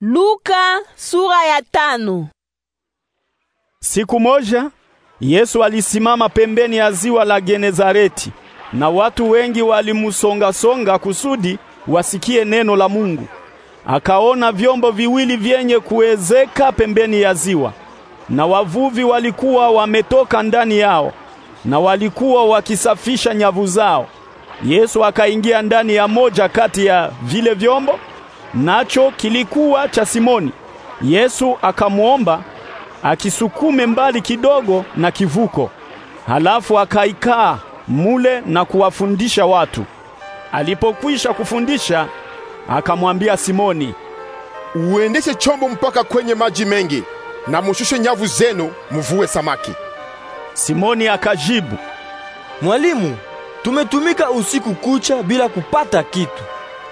Luka sura ya tano. Siku moja Yesu alisimama pembeni ya ziwa la Genezareti na watu wengi walimusonga-songa kusudi wasikie neno la Mungu. Akaona vyombo viwili vyenye kuwezeka pembeni ya ziwa na wavuvi walikuwa wametoka ndani yao na walikuwa wakisafisha nyavu zao. Yesu akaingia ndani ya moja kati ya vile vyombo nacho kilikuwa cha Simoni. Yesu akamwomba akisukume mbali kidogo na kivuko, halafu akaikaa mule na kuwafundisha watu. Alipokwisha kufundisha, akamwambia Simoni, uendeshe chombo mpaka kwenye maji mengi na mushushe nyavu zenu mvue samaki. Simoni akajibu, Mwalimu, tumetumika usiku kucha bila kupata kitu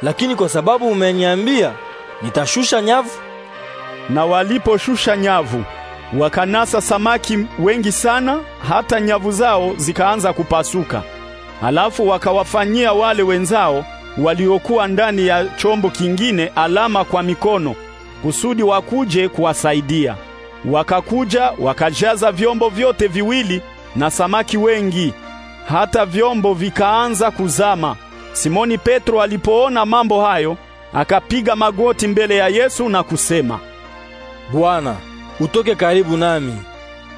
lakini kwa sababu umeniambia, nitashusha nyavu. Na waliposhusha nyavu, wakanasa samaki wengi sana, hata nyavu zao zikaanza kupasuka. Alafu wakawafanyia wale wenzao waliokuwa ndani ya chombo kingine alama kwa mikono, kusudi wakuje kuwasaidia. Wakakuja wakajaza vyombo vyote viwili na samaki wengi, hata vyombo vikaanza kuzama. Simoni Petro alipoona mambo hayo, akapiga magoti mbele ya Yesu na kusema, Bwana, utoke karibu nami,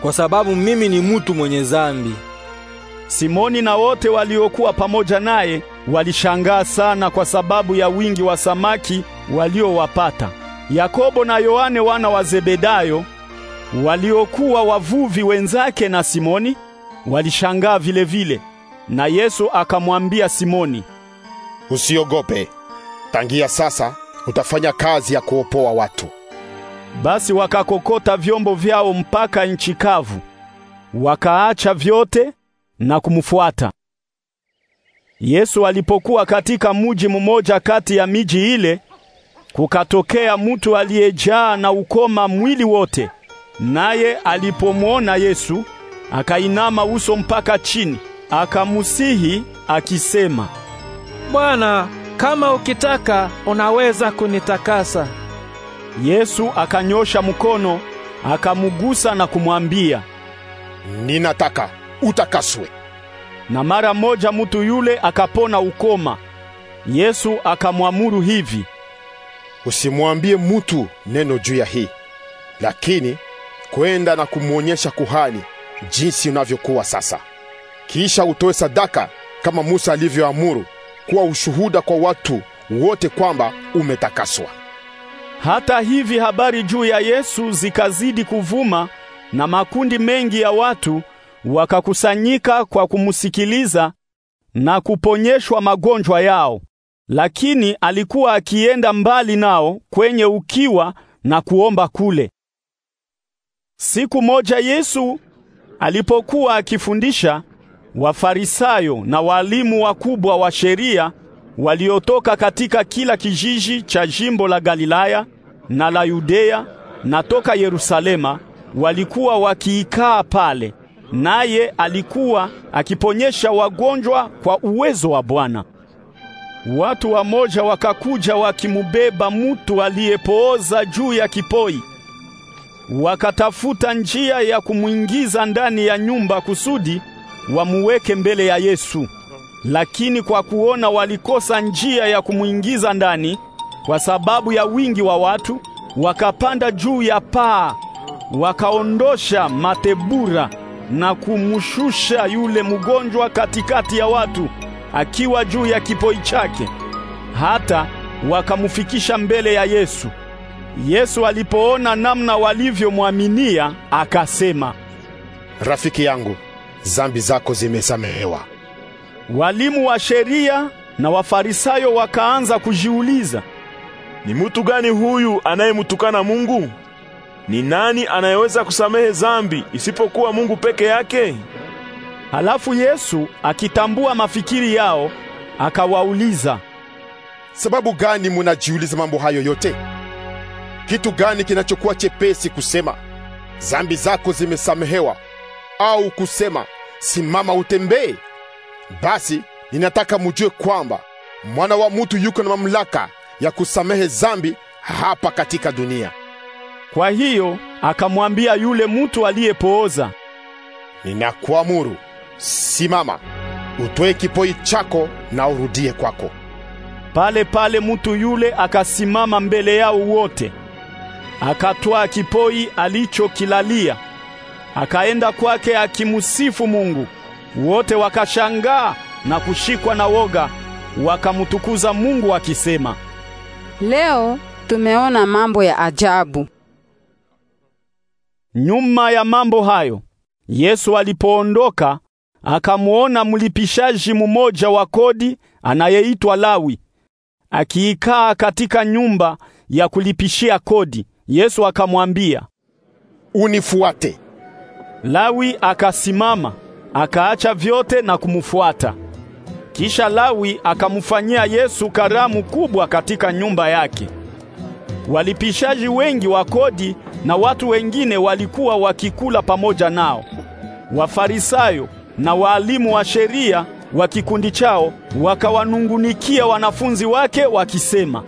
kwa sababu mimi ni mtu mwenye zambi. Simoni na wote waliokuwa pamoja naye walishangaa sana kwa sababu ya wingi wa samaki waliowapata. Yakobo na Yohane wana wa Zebedayo waliokuwa wavuvi wenzake na Simoni walishangaa vile vile. Na Yesu akamwambia Simoni, usiogope, tangia sasa utafanya kazi ya kuopoa watu. Basi wakakokota vyombo vyao mpaka nchi kavu, wakaacha vyote na kumfuata Yesu. Alipokuwa katika muji mmoja kati ya miji ile, kukatokea mtu aliyejaa na ukoma mwili wote, naye alipomwona Yesu akainama uso mpaka chini, akamusihi akisema, Bwana, kama ukitaka unaweza kunitakasa. Yesu akanyosha mkono akamugusa na kumwambia, ninataka utakaswe. Na mara moja mutu yule akapona ukoma. Yesu akamwamuru hivi, usimwambie mutu neno juu ya hii, lakini kwenda na kumwonyesha kuhani jinsi unavyokuwa sasa, kisha utoe sadaka kama Musa alivyoamuru kuwa ushuhuda kwa watu wote kwamba umetakaswa. Hata hivi habari juu ya Yesu zikazidi kuvuma na makundi mengi ya watu wakakusanyika kwa kumusikiliza na kuponyeshwa magonjwa yao. Lakini alikuwa akienda mbali nao kwenye ukiwa na kuomba kule. Siku moja Yesu alipokuwa akifundisha Wafarisayo na walimu wakubwa wa sheria waliotoka katika kila kijiji cha jimbo la Galilaya na la Yudea na toka Yerusalema walikuwa wakiikaa pale, naye alikuwa akiponyesha wagonjwa kwa uwezo wa Bwana. Watu wamoja wakakuja wakimubeba mutu aliyepooza juu ya kipoi, wakatafuta njia ya kumwingiza ndani ya nyumba kusudi wamuweke mbele ya Yesu, lakini kwa kuona walikosa njia ya kumwingiza ndani kwa sababu ya wingi wa watu, wakapanda juu ya paa wakaondosha matebura na kumushusha yule mgonjwa katikati ya watu akiwa juu ya kipoi chake, hata wakamfikisha mbele ya Yesu. Yesu alipoona namna walivyomwaminia akasema, rafiki yangu zambi zako zimesamehewa. Walimu wa sheria na Wafarisayo wakaanza kujiuliza, ni mutu gani huyu anayemtukana Mungu? Ni nani anayeweza kusamehe zambi isipokuwa Mungu peke yake? Halafu Yesu akitambua mafikiri yao akawauliza, sababu gani munajiuliza mambo hayo yote? Kitu gani kinachokuwa chepesi kusema zambi zako zimesamehewa, au kusema simama utembee. Basi ninataka mujue kwamba mwana wa mutu yuko na mamlaka ya kusamehe zambi hapa katika dunia. Kwa hiyo akamwambia yule mtu aliyepooza, ninakuamuru simama, utoe kipoi chako na urudie kwako. Pale pale mtu yule akasimama mbele yao wote, akatwaa kipoi alichokilalia akaenda kwake akimusifu Mungu. Wote wakashangaa na kushikwa na woga, wakamtukuza Mungu akisema, leo tumeona mambo ya ajabu. Nyuma ya mambo hayo, Yesu alipoondoka akamwona mlipishaji mmoja wa kodi anayeitwa Lawi akiikaa katika nyumba ya kulipishia kodi. Yesu akamwambia, unifuate. Lawi akasimama, akaacha vyote na kumfuata. Kisha Lawi akamfanyia Yesu karamu kubwa katika nyumba yake. Walipishaji wengi wa kodi na watu wengine walikuwa wakikula pamoja nao. Wafarisayo na waalimu wa sheria wa kikundi chao wakawanungunikia wanafunzi wake wakisema,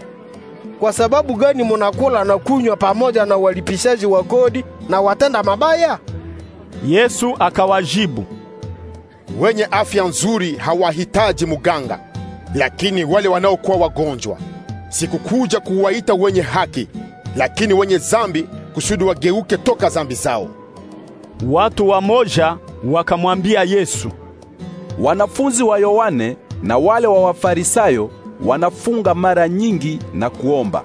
kwa sababu gani munakula na kunywa pamoja na walipishaji wa kodi na watenda mabaya? Yesu akawajibu, wenye afya nzuri hawahitaji muganga, lakini wale wanaokuwa wagonjwa. Sikukuja kuwaita wenye haki, lakini wenye zambi, kusudi wageuke toka zambi zao. Watu wamoja wakamwambia Yesu, wanafunzi wa Yohane na wale wa Wafarisayo wanafunga mara nyingi na kuomba,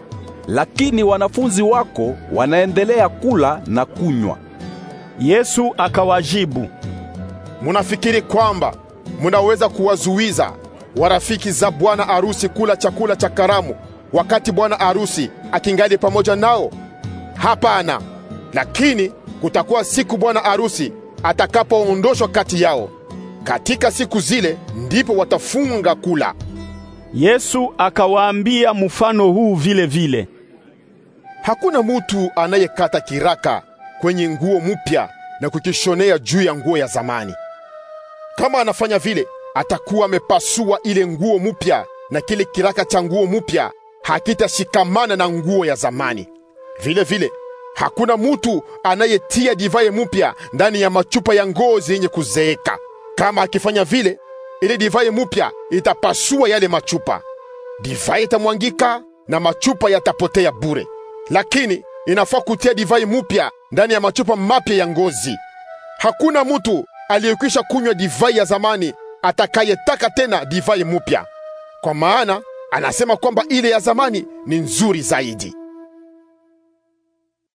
lakini wanafunzi wako wanaendelea kula na kunywa. Yesu akawajibu, munafikiri kwamba munaweza kuwazuiza warafiki za bwana arusi kula chakula cha karamu wakati bwana arusi akingali pamoja nao? Hapana, lakini kutakuwa siku bwana arusi atakapoondoshwa kati yao. Katika siku zile ndipo watafunga kula. Yesu akawaambia mfano huu vile vile, hakuna mutu anayekata kiraka kwenye nguo mpya na kukishonea juu ya nguo ya zamani. Kama anafanya vile, atakuwa amepasua ile nguo mpya, na kile kiraka cha nguo mpya hakitashikamana na nguo ya zamani. Vile vile hakuna mutu anayetia divai mpya ndani ya machupa ya ngozi yenye kuzeeka. Kama akifanya vile, ile divai mpya itapasua yale machupa, divai itamwangika na machupa yatapotea bure. Lakini inafaa kutia divai mupya ndani ya machupa mapya ya ngozi. Hakuna mtu aliyekwisha kunywa divai ya zamani atakayetaka tena divai mupya, kwa maana anasema kwamba ile ya zamani ni nzuri zaidi.